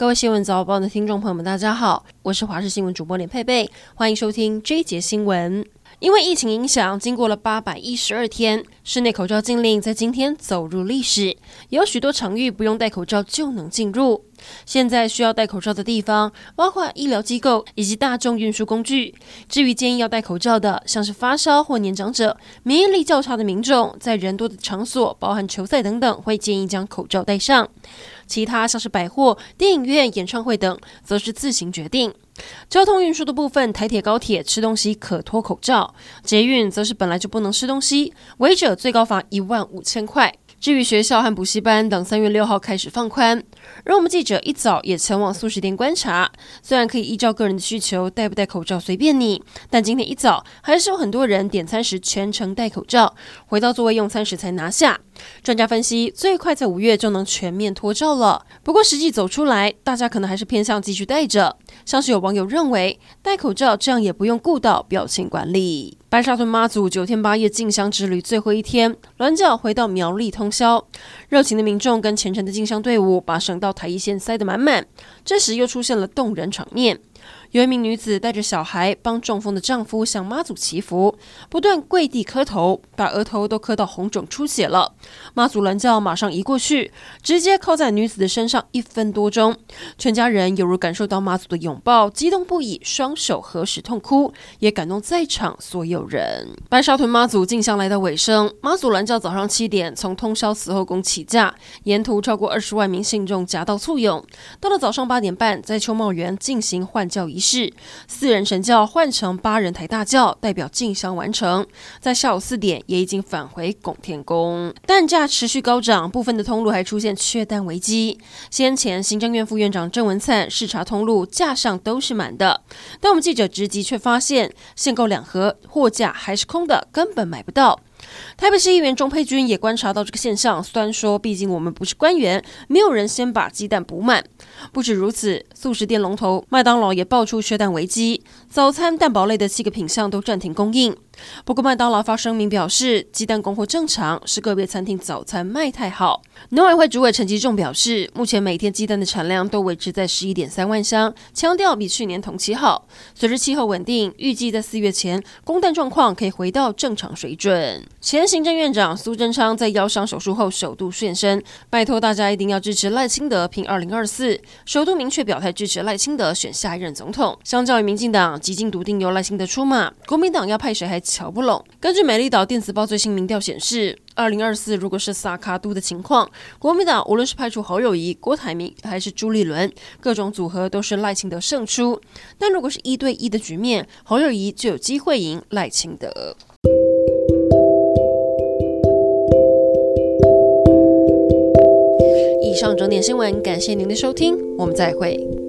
各位新聞早報的聽眾朋友們，大家好，我是華視新聞主播林佩佩，歡迎收聽這一節新聞。因為疫情影響，經過了八百一十二天，室內口罩禁令在今天走入歷史。有許多場域不用戴口罩就能進入。現在需要戴口罩的地方，包括醫療機構以及大眾運輸工具。至於建議要戴口罩的，像是發燒或年長者、免疫力較差的民眾，在人多的場所，包含球賽等等，會建議將口罩戴上。其他像是百貨、電影院、演唱會等，則是自行決定。交通運輸的部分，台鐵、高鐵吃東西可脫口罩；捷運則是本來就不能吃東西，違者最高罰一萬五千塊。至於學校和補習班等，三月六號開始放寬。而我們記者一早也前往速食店觀察，雖然可以依照個人的需求戴不戴口罩隨便你，但今天一早還是有很多人點餐時全程戴口罩，回到座位用餐時才拿下。專家分析，最快在五月就能全面脫罩了。不過實際走出來，大家可能還是偏向繼續戴着。像是有網友認為，戴口罩這樣也不用顧到表情管理。白沙屯媽祖九天八夜進香之旅最後一天，鑾轎回到苗栗通霄，熱情的民眾跟虔誠的進香隊伍把省道台一線塞得滿滿。這時又出現了動人場面。有一名女子帶着小孩，幫中風的丈夫向媽祖祈福，不斷跪地磕頭，把額頭都磕到紅腫出血了。媽祖鑾轎馬上移過去，直接靠在女子的身上一分多鐘。全家人猶如感受到媽祖的擁抱，激動不已，雙手合十痛哭，也感動在場所有人。白沙屯媽祖進香來到尾聲，媽祖鑾轎早上七點從通霄慈後宮起駕，沿途超過二十萬名信眾夾道簇擁。到了早上八點半，在秋茂園進行換轎儀。是四人神轎換成八人抬大轎，代表進香完成。在下午四點也已經返回拱天宮。蛋價持續高漲，部分的通路還出現缺蛋危機。先前行政院副院長鄭文燦視察通路，架上都是滿的，但我們記者直擊卻發現限購兩盒，貨架還是空的，根本買不到。台北市議員鍾佩君也觀察到這個現象，雖然說：“畢竟我們不是官員，沒有人先把雞蛋補滿。”不止如此，速食店龍頭麥當勞也爆出缺蛋危機，早餐蛋堡類的七個品項都暫停供應。不過，麥當勞發聲明表示，雞蛋供貨正常，是個別餐廳早餐賣太好。農委會主委陳吉仲表示，目前每天雞蛋的產量都維持在十一點三萬箱，強調比去年同期好。隨着氣候穩定，預計在四月前供蛋狀況可以回到正常水準。前行政院長蘇貞昌在腰傷手術後首度現身，拜托大家一定要支持賴清德拼二零二四。首度明確表態支持賴清德選下一任總統。相較於民進黨幾近篤定由賴清德出馬，國民黨要派誰還？瞧不攏。根據美麗島電子報最新民調顯示，二零二四如果是薩卡都的情況，國民黨無論是派出侯友宜、郭台銘，還是朱立倫，各種組合都是賴清德勝出。但如果是一對一的局面，侯友宜就有機會贏賴清德。以上整點新聞，感謝您的收聽，我們再會。